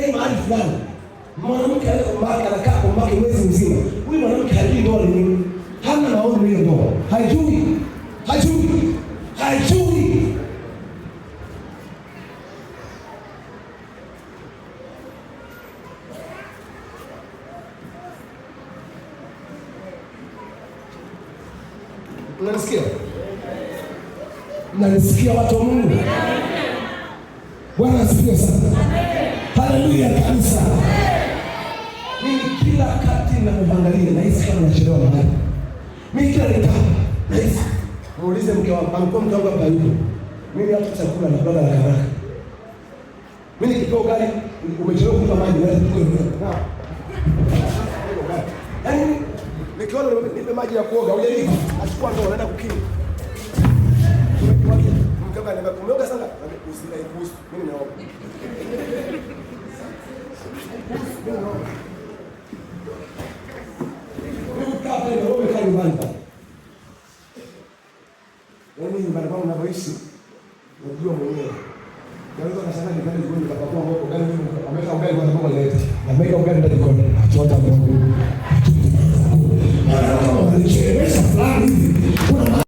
bei mahali fulani, mwanamke aleka mbake anakaa kwa mbake mwezi mzima, huyu mwanamke hajui ndoa ni nini, hana maono hiyo ndoa, haijui hajui hajui. Mnanisikia? Mnanisikia watu wa Mungu? Bwana asifiwe sana. Amen. Haleluya kanisa. Mimi kila kati namuangalia nahisi kama nachelewa mahali. Mimi kila nikao nahisi muulize mke wangu, alikuwa mke wangu hapa yupo. Mimi hata chakula na baba la haraka. Mimi nikipewa gari umechelewa kupa maji na kunywa. Yaani nikiona nipe maji ya kuoga, hujanipa. Achukua ndo anaenda kukini. Mke wangu anakuoga sana usinaibusu mimi naomba kaa nyumbani pale, yaani nyumbani kwangu navyoishi najua mwenyewe. Naweza kashangaa nikapata jikoni nikapakua moto gani, nikapameka ugali kwa sababu naleta, nameka ugali ndani jikoni nachota